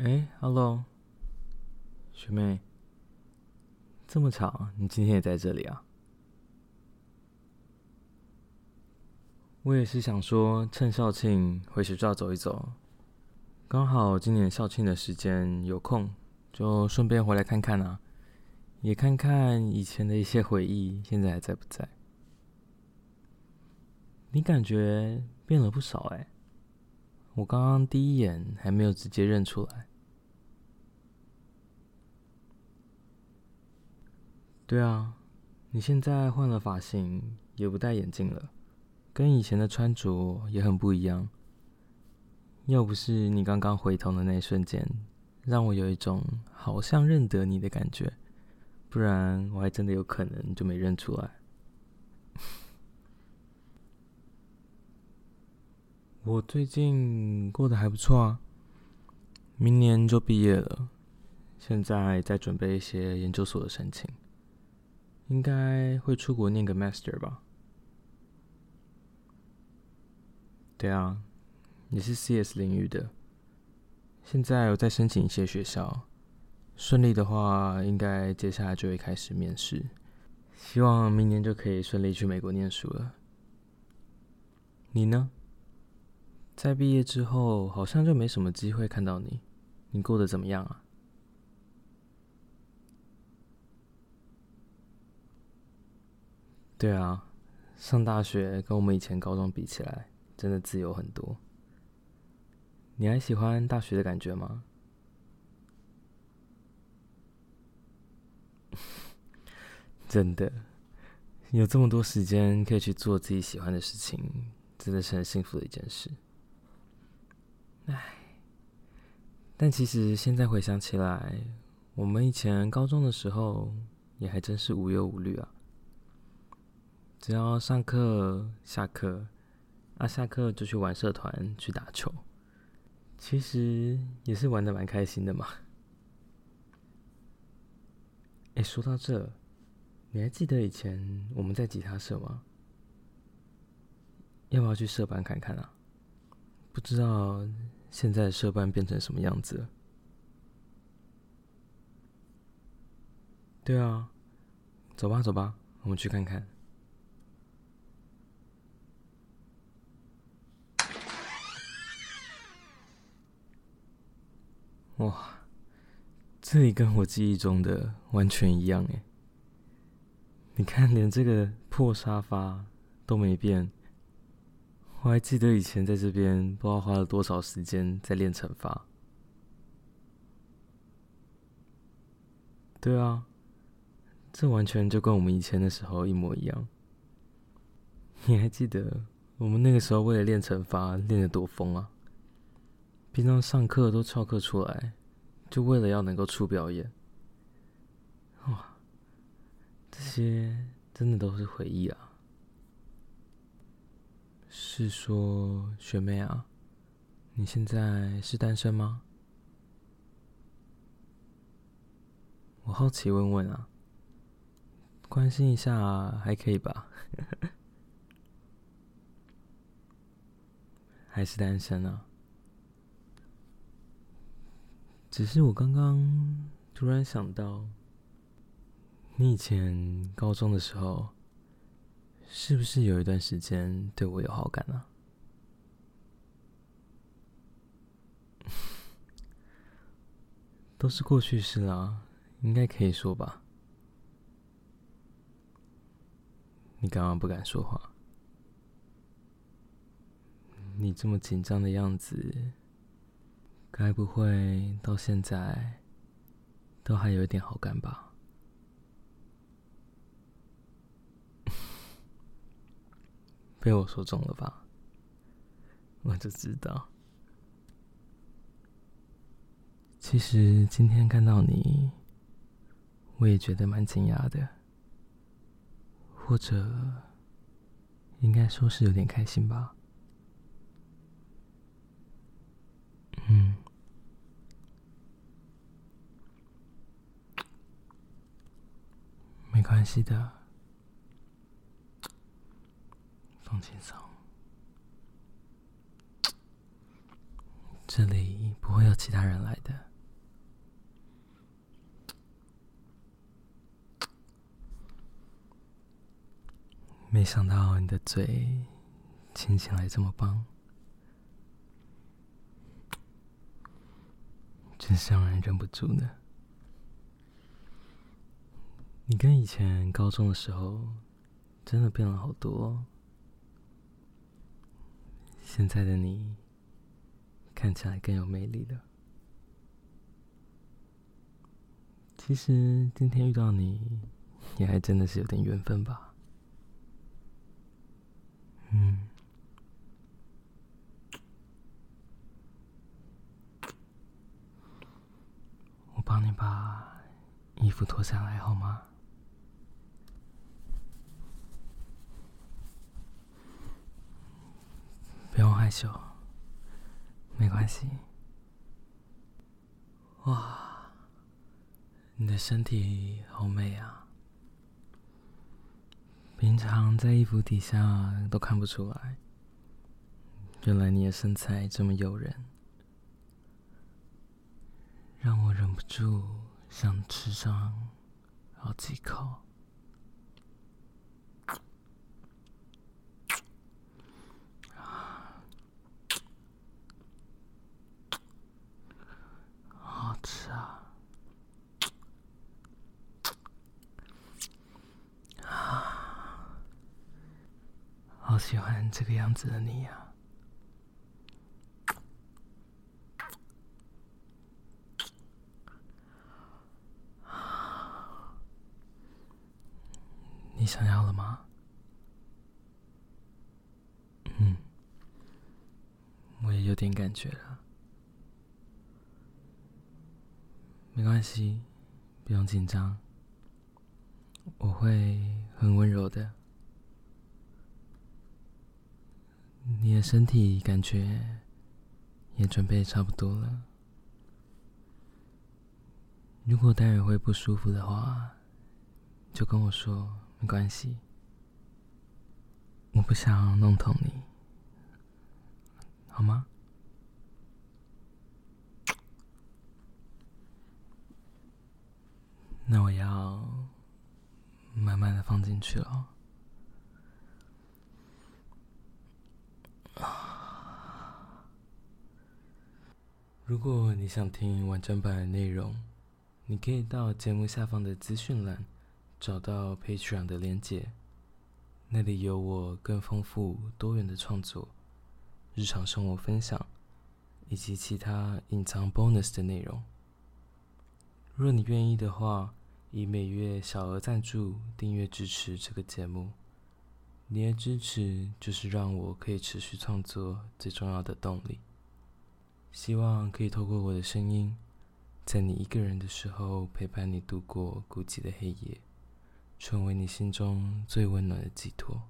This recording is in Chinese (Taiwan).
哎哈嘍。Hello? 學妹，這麼巧，你今天也在這裡啊？我也是想說，趁校慶回學校走一走，剛好今年校慶的時間有空，就順便回來看看啊，也看看以前的一些回憶，現在還在不在？你感覺變了不少哎、欸，我剛剛第一眼還沒有直接認出來。對啊，你現在換了髮型，也不戴眼鏡了，跟以前的穿着也很不一樣。要不是你剛剛回頭的那一瞬間，讓我有一種好像認得你的感覺，不然我還真的有可能就沒認出來。我最近過得還不錯啊，明年就畢業了，現在在準備一些研究所的申請。應該會出國念個 master 吧。對啊，你是 CS 領域的。現在我在申請一些學校，順利的話，應該接下來就會開始面試。希望明年就可以順利去美國念書了。你呢？在畢業之後，好像就沒什麼機會看到你。你過得怎麼樣啊？對啊，上大學跟我們以前高中比起來，真的自由很多。你還喜歡大學的感覺嗎？ 真的，有這麼多時間可以去做自己喜歡的事情，真的是很幸福的一件事。唉，但其實現在回想起來，我們以前高中的時候也還真是無憂無慮啊。只要上課、下課，啊，下課就去玩社團、去打球，其實也是玩的蠻開心的嘛。哎，說到這，你還記得以前我們在吉他社嗎？要不要去社辦看看啊？不知道現在的社辦變成什麼樣子了。對啊，走吧，走吧，我們去看看。哇，這裡跟我記憶中的完全一樣哎！你看，連這個破沙發都沒變。我還記得以前在這邊不知道花了多少時間在練成發。對啊，這完全就跟我們以前的時候一模一樣。你還記得我們那個時候為了練成發練得多瘋啊？平常上課都翹課出來，就為了要能夠出表演。哇，這些真的都是回憶啊！是說學妹啊，你現在是單身嗎？我好奇問問啊，關心一下啊，還可以吧？ 還是單身啊？只是我剛剛突然想到，你以前高中的時候，是不是有一段時間對我有好感啊？ 都是過去式啦，應該可以說吧？你幹嘛不敢說話？你這麼緊張的樣子。該不會到現在都還有一點好感吧？ 被我說中了吧？我就知道。其實今天看到你，我也覺得蠻驚訝的。或者應該說是有點開心吧。關係的，放輕鬆，這裡不會有其他人來的。沒想到你的嘴親起來這麼棒，真是讓人忍不住呢。你跟以前高中的時候真的變了好多，現在的你看起來更有魅力了。其實今天遇到你，也還真的是有點緣分吧。嗯，我幫你把衣服脫下來好嗎？不用害羞，沒關係。哇，你的身體好美啊！平常在衣服底下都看不出來，原來你的身材這麼誘人，讓我忍不住想吃上好幾口。好喜歡這個樣子的你呀！啊，你想要了嗎？嗯，我也有點感覺了。沒關係，不用緊張，我會很溫柔的。你的身體感覺也準備也差不多了。如果待會會不舒服的話，就跟我說，沒關係。我不想弄疼你，好嗎？那我要慢慢的放進去了。如果你想聽完整版的內容，你可以到節目下方的資訊欄找到 Patreon 的連結，那裡有我更豐富多元的創作、日常生活分享以及其他隱藏 bonus 的內容。若你願意的話，以每月小額贊助訂閱支持這個節目，你的支持就是讓我可以持續創作最重要的動力。希望可以透過我的聲音，在你一個人的時候陪伴你度過孤寂的黑夜，成為你心中最溫暖的寄托。